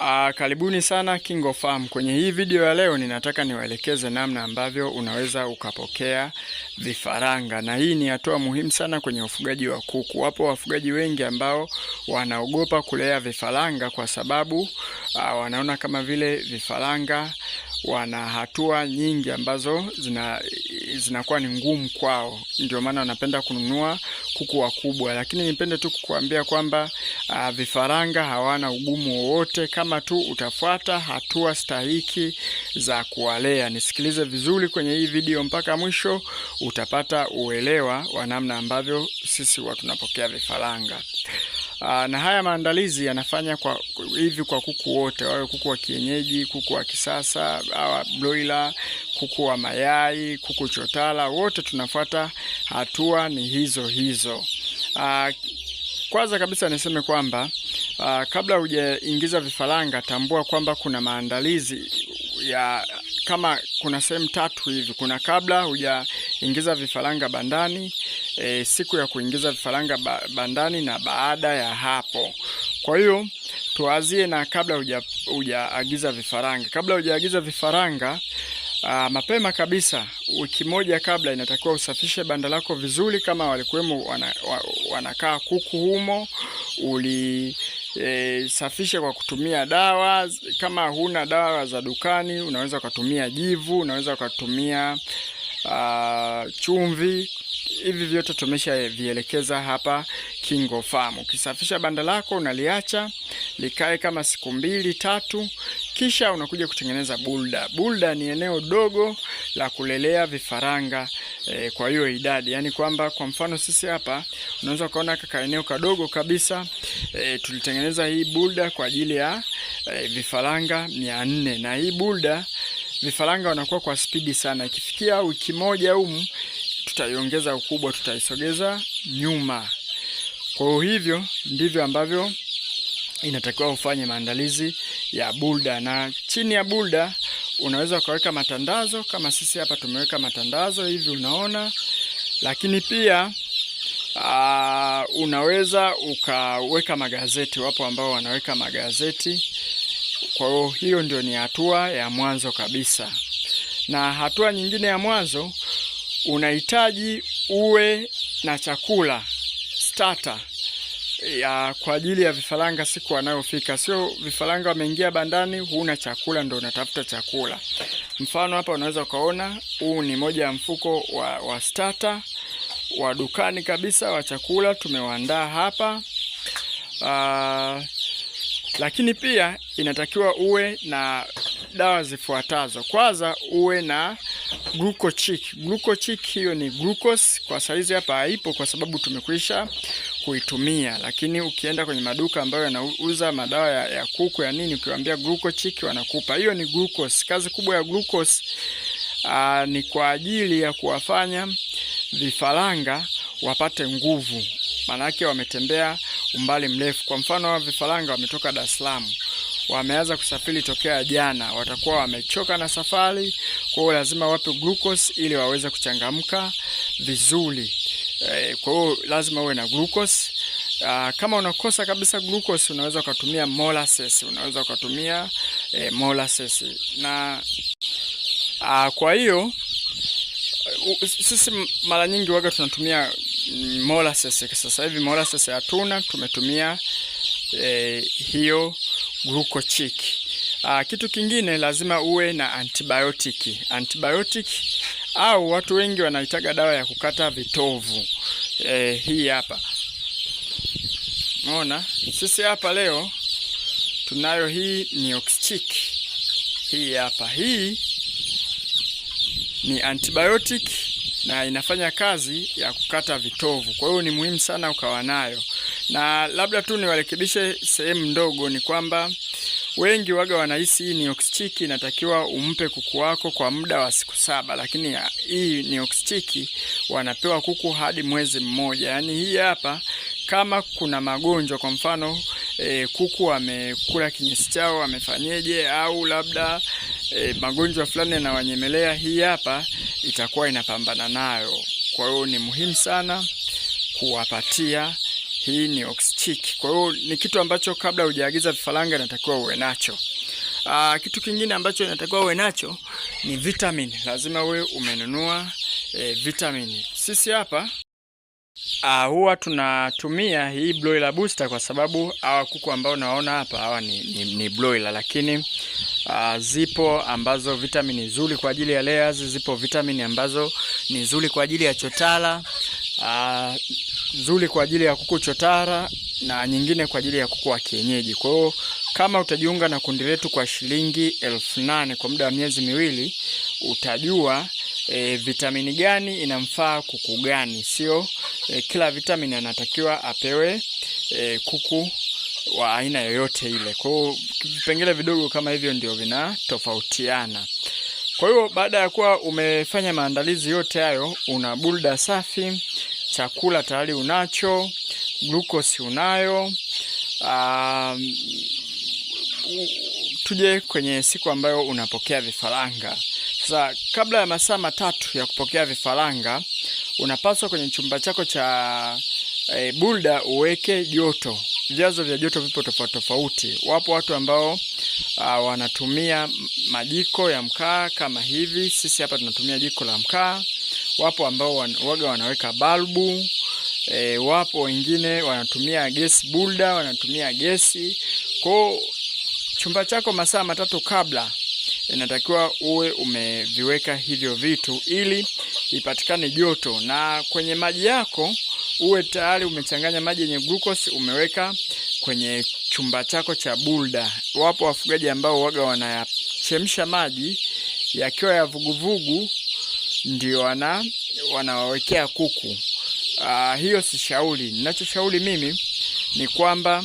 Aa, ah, karibuni sana KingoFarm. Kwenye hii video ya leo ninataka niwaelekeze namna ambavyo unaweza ukapokea vifaranga, na hii ni hatua muhimu sana kwenye ufugaji wa kuku. Wapo wafugaji wengi ambao wanaogopa kulea vifaranga kwa sababu aa, ah, wanaona kama vile vifaranga wana hatua nyingi ambazo zina zinakuwa ni ngumu kwao, ndio maana wanapenda kununua kuku wakubwa, lakini nipende tu kukuambia kwamba uh, vifaranga hawana ugumu wowote kama tu utafuata hatua stahiki za kuwalea. Nisikilize vizuri kwenye hii video mpaka mwisho, utapata uelewa wa namna ambavyo sisi huwa tunapokea vifaranga. Aa, ah, na haya maandalizi yanafanya kwa hivi kwa kuku wote, wawe kuku wa kienyeji, kuku wa kisasa, awa broiler, kuku wa mayai, kuku chotala, wote tunafuata hatua ni hizo hizo. Aa, ah, kwanza kabisa niseme kwamba aa, ah, kabla hujaingiza vifaranga, tambua kwamba kuna maandalizi ya kama kuna sehemu tatu hivi. Kuna kabla hujaingiza vifaranga bandani, e, siku ya kuingiza vifaranga ba, bandani na baada ya hapo. Kwa hiyo tuanzie na kabla hujaagiza vifaranga. Kabla hujaagiza vifaranga Uh, mapema kabisa wiki moja kabla inatakiwa usafishe banda lako vizuri, kama walikuwemo wana, wanakaa kuku humo uli E, kwa kutumia dawa. Kama huna dawa za dukani, unaweza ukatumia jivu, unaweza ukatumia uh, chumvi. Hivi vyote tumeshavielekeza hapa kingo Farm. Ukisafisha banda lako unaliacha likae kama siku mbili tatu. Kisha unakuja kutengeneza bulda. Bulda ni eneo dogo la kulelea vifaranga e, kwa hiyo idadi, yani kwamba kwa mfano sisi hapa unaweza ukaona kaka eneo kadogo kabisa e, tulitengeneza hii bulda kwa ajili ya e, vifaranga mia nne na hii bulda vifaranga wanakuwa kwa spidi sana, ikifikia wiki moja humu tutaiongeza ukubwa, tutaisogeza nyuma. Kwa hivyo ndivyo ambavyo inatakiwa ufanye maandalizi ya bulda, na chini ya bulda unaweza ukaweka matandazo kama sisi hapa tumeweka matandazo hivi, unaona. Lakini pia aa, unaweza ukaweka magazeti, wapo ambao wanaweka magazeti. Kwa hiyo hiyo ndio ni hatua ya mwanzo kabisa, na hatua nyingine ya mwanzo unahitaji uwe na chakula starter ya kwa ajili ya vifaranga siku wanayofika. Sio vifaranga wameingia bandani, huna chakula ndo unatafuta chakula. Mfano hapa unaweza ukaona huu ni moja ya mfuko wa, wa starter wa dukani kabisa wa chakula tumewaandaa hapa. Uh, lakini pia inatakiwa uwe na dawa zifuatazo. Kwanza uwe na glucochic. Glucochic hiyo ni glucose, kwa saizi hapa haipo kwa sababu tumekwisha kuitumia, lakini ukienda kwenye maduka ambayo yanauza madawa ya, ya kuku ya nini, ukiwaambia glukochiki wanakupa. Hiyo ni glucose. Kazi kubwa ya glucose aa, ah, ni kwa ajili ya kuwafanya vifaranga wapate nguvu, maanake wametembea umbali mrefu. Kwa mfano hawa vifaranga wametoka Dar es Salaam wameanza kusafiri tokea jana, watakuwa wamechoka na safari. Kwa hiyo lazima wape glucose ili waweze kuchangamka vizuri eh, kwa hiyo lazima uwe na glucose. Uh, kama unakosa kabisa glucose unaweza ukatumia molasses, unaweza ukatumia eh, molasses na uh, kwa hiyo uh, sisi mara nyingi waga tunatumia mm, molasses. Sasa hivi molasses hatuna, tumetumia eh, hiyo glucochic. Uh, ah, kitu kingine lazima uwe na antibiotic. Antibiotic, au watu wengi wanaitaga dawa ya kukata vitovu. eh, hii hapa mona, sisi hapa leo tunayo hii ni oxchic. Hii hapa hii ni antibiotic na inafanya kazi ya kukata vitovu. Kwa hiyo ni muhimu sana ukawa nayo, na labda tu niwarekebishe sehemu ndogo, ni kwamba wengi waga wanahisi hii nioxchiki inatakiwa umpe kuku wako kwa muda wa siku saba, lakini hii nioxchiki wanapewa kuku hadi mwezi mmoja. Yaani hii hapa kama kuna magonjwa kwa mfano e, kuku amekula kinyesi chao amefanyeje, au labda e, magonjwa fulani yanawanyemelea, hii hapa itakuwa inapambana nayo. Kwa hiyo ni muhimu sana kuwapatia hii ni oxchik. Kwa hiyo ni kitu ambacho kabla hujaagiza vifaranga inatakiwa uwe nacho. Aa, ah, kitu kingine ambacho inatakiwa uwe nacho ni vitamin. Lazima we umenunua e, vitamin. Sisi hapa Uh, huwa tunatumia hii broiler booster kwa sababu hawa kuku ambao unaona hapa hawa ni, ni, ni broiler, lakini uh, zipo ambazo vitamini nzuri kwa ajili ya layers, zipo vitamini ambazo ni nzuri kwa ajili ya chotala uh, nzuri kwa ajili ya kuku chotara na nyingine kwa ajili ya kuku wa kienyeji. Kwa hiyo kama utajiunga na kundi letu kwa shilingi elfu nane kwa muda wa miezi miwili utajua e, vitamini gani inamfaa kuku gani. Sio e, kila vitamini anatakiwa apewe e, kuku wa aina yoyote ile. Kwa hiyo vipengele vidogo kama hivyo ndio vinatofautiana. Kwa hiyo baada ya kuwa umefanya maandalizi yote hayo, una bulda safi chakula tayari unacho, glukosi unayo. Um, tuje kwenye siku ambayo unapokea vifaranga. Sasa kabla ya masaa matatu ya kupokea vifaranga, unapaswa kwenye chumba chako cha e, bulda uweke joto. Vyanzo vya joto vipo tofauti tofauti. Wapo watu ambao uh, wanatumia majiko ya mkaa kama hivi. Sisi hapa tunatumia jiko la mkaa wapo ambao waga wanaweka balbu e, wapo wengine wanatumia gesi bulda, wanatumia gesi. Kwao chumba chako masaa matatu kabla inatakiwa uwe umeviweka hivyo vitu ili ipatikane joto, na kwenye maji yako uwe tayari umechanganya maji yenye glucose umeweka kwenye chumba chako cha bulda. Wapo wafugaji ambao waga wanayachemsha maji yakiwa ya vuguvugu vugu, ndio wana wanawawekea kuku. Aa, ah, hiyo si shauri. Ninachoshauri mimi ni kwamba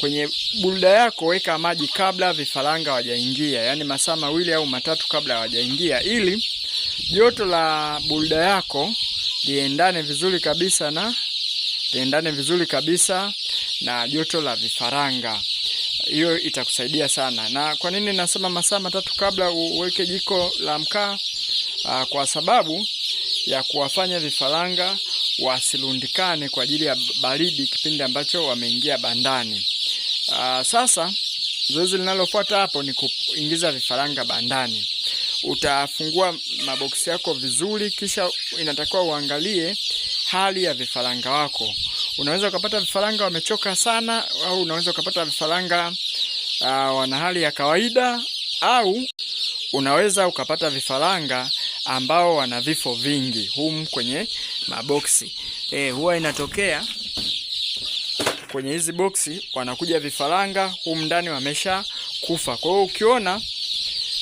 kwenye bulda yako weka maji kabla vifaranga hawajaingia, yaani masaa mawili au matatu kabla hawajaingia, ili joto la bulda yako liendane vizuri kabisa na liendane vizuri kabisa na joto la vifaranga. Hiyo itakusaidia sana. Na kwa nini nasema masaa matatu kabla uweke jiko la mkaa? Ah, kwa sababu ya kuwafanya vifaranga wasilundikane kwa ajili ya baridi kipindi ambacho wameingia bandani. Uh, sasa zoezi linalofuata hapo ni kuingiza vifaranga bandani. Utafungua maboksi yako vizuri, kisha inatakiwa uangalie hali ya vifaranga wako. Unaweza ukapata vifaranga wamechoka sana, au unaweza ukapata vifaranga uh, wana hali ya kawaida, au unaweza ukapata vifaranga ambao wana vifo vingi humu kwenye maboksi e, huwa inatokea kwenye hizi boksi wanakuja vifaranga humu ndani wamesha kufa. Kwa hiyo ukiona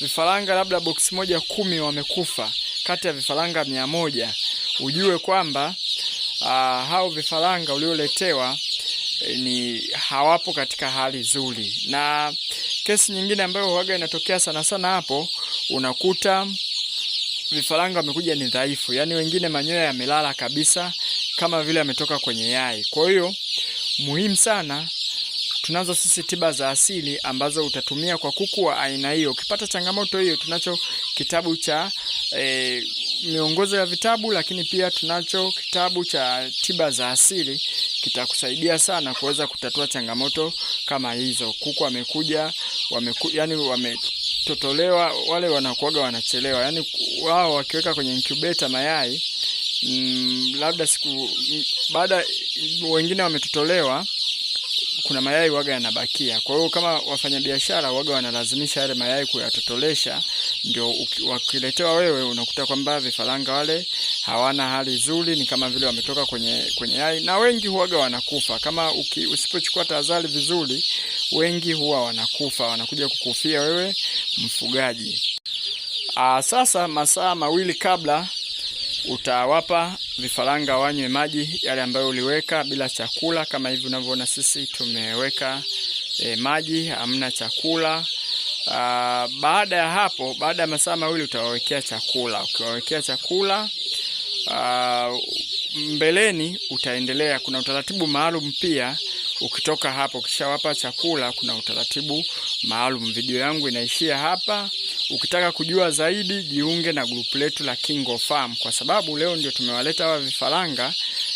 vifaranga labda boksi moja kumi wamekufa kati ya vifaranga mia moja ujue kwamba uh, hao vifaranga ulioletewa e, ni hawapo katika hali nzuri. Na kesi nyingine ambayo huaga inatokea sana sana hapo unakuta vifaranga wamekuja ni dhaifu, yaani wengine manyoya yamelala kabisa kama vile ametoka kwenye yai. Kwa hiyo muhimu sana, tunazo sisi tiba za asili ambazo utatumia kwa kuku wa aina hiyo. Ukipata changamoto hiyo, tunacho kitabu cha e, miongozo ya vitabu, lakini pia tunacho kitabu cha tiba za asili kitakusaidia sana kuweza kutatua changamoto kama hizo. Kuku wamekuja wameku, yani wame kutotolewa wale wanakuaga wanachelewa, yaani wao wakiweka kwenye incubator mayai mm, labda siku baada wengine wametotolewa, kuna mayai waga yanabakia. Kwa hiyo kama wafanyabiashara waga wanalazimisha yale mayai kuyatotolesha, ndio wakiletewa wewe unakuta kwamba vifaranga wale hawana hali nzuri, ni kama vile wametoka kwenye kwenye yai, na wengi huaga wanakufa kama uki, usipochukua tahadhari vizuri, wengi huwa wanakufa, wanakuja kukufia wewe mfugaji. Aa, ah, sasa masaa mawili kabla utawapa vifaranga wanywe maji yale ambayo uliweka bila chakula. Kama hivi unavyoona sisi tumeweka e, maji hamna chakula. Aa, ah, baada ya hapo, baada ya masaa mawili utawawekea chakula. Ukiwawekea chakula uh, mbeleni utaendelea. Kuna utaratibu maalum pia ukitoka hapa, ukishawapa chakula kuna utaratibu maalum. Video yangu inaishia hapa. Ukitaka kujua zaidi, jiunge na grupu letu la Kingo Farm, kwa sababu leo ndio tumewaleta hawa vifaranga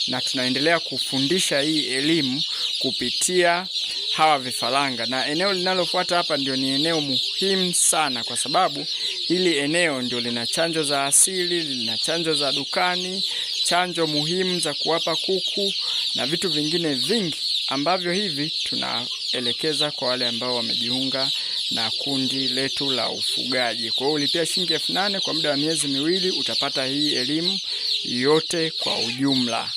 na tunaendelea kufundisha hii elimu kupitia hawa vifaranga, na eneo linalofuata hapa ndio ni eneo muhimu sana, kwa sababu hili eneo ndio lina chanjo za asili, lina chanjo za dukani, chanjo muhimu za kuwapa kuku na vitu vingine vingi ambavyo hivi tunaelekeza kwa wale ambao wamejiunga na kundi letu la ufugaji. Kwa hiyo ulipia shilingi elfu nane kwa muda wa miezi miwili utapata hii elimu yote kwa ujumla.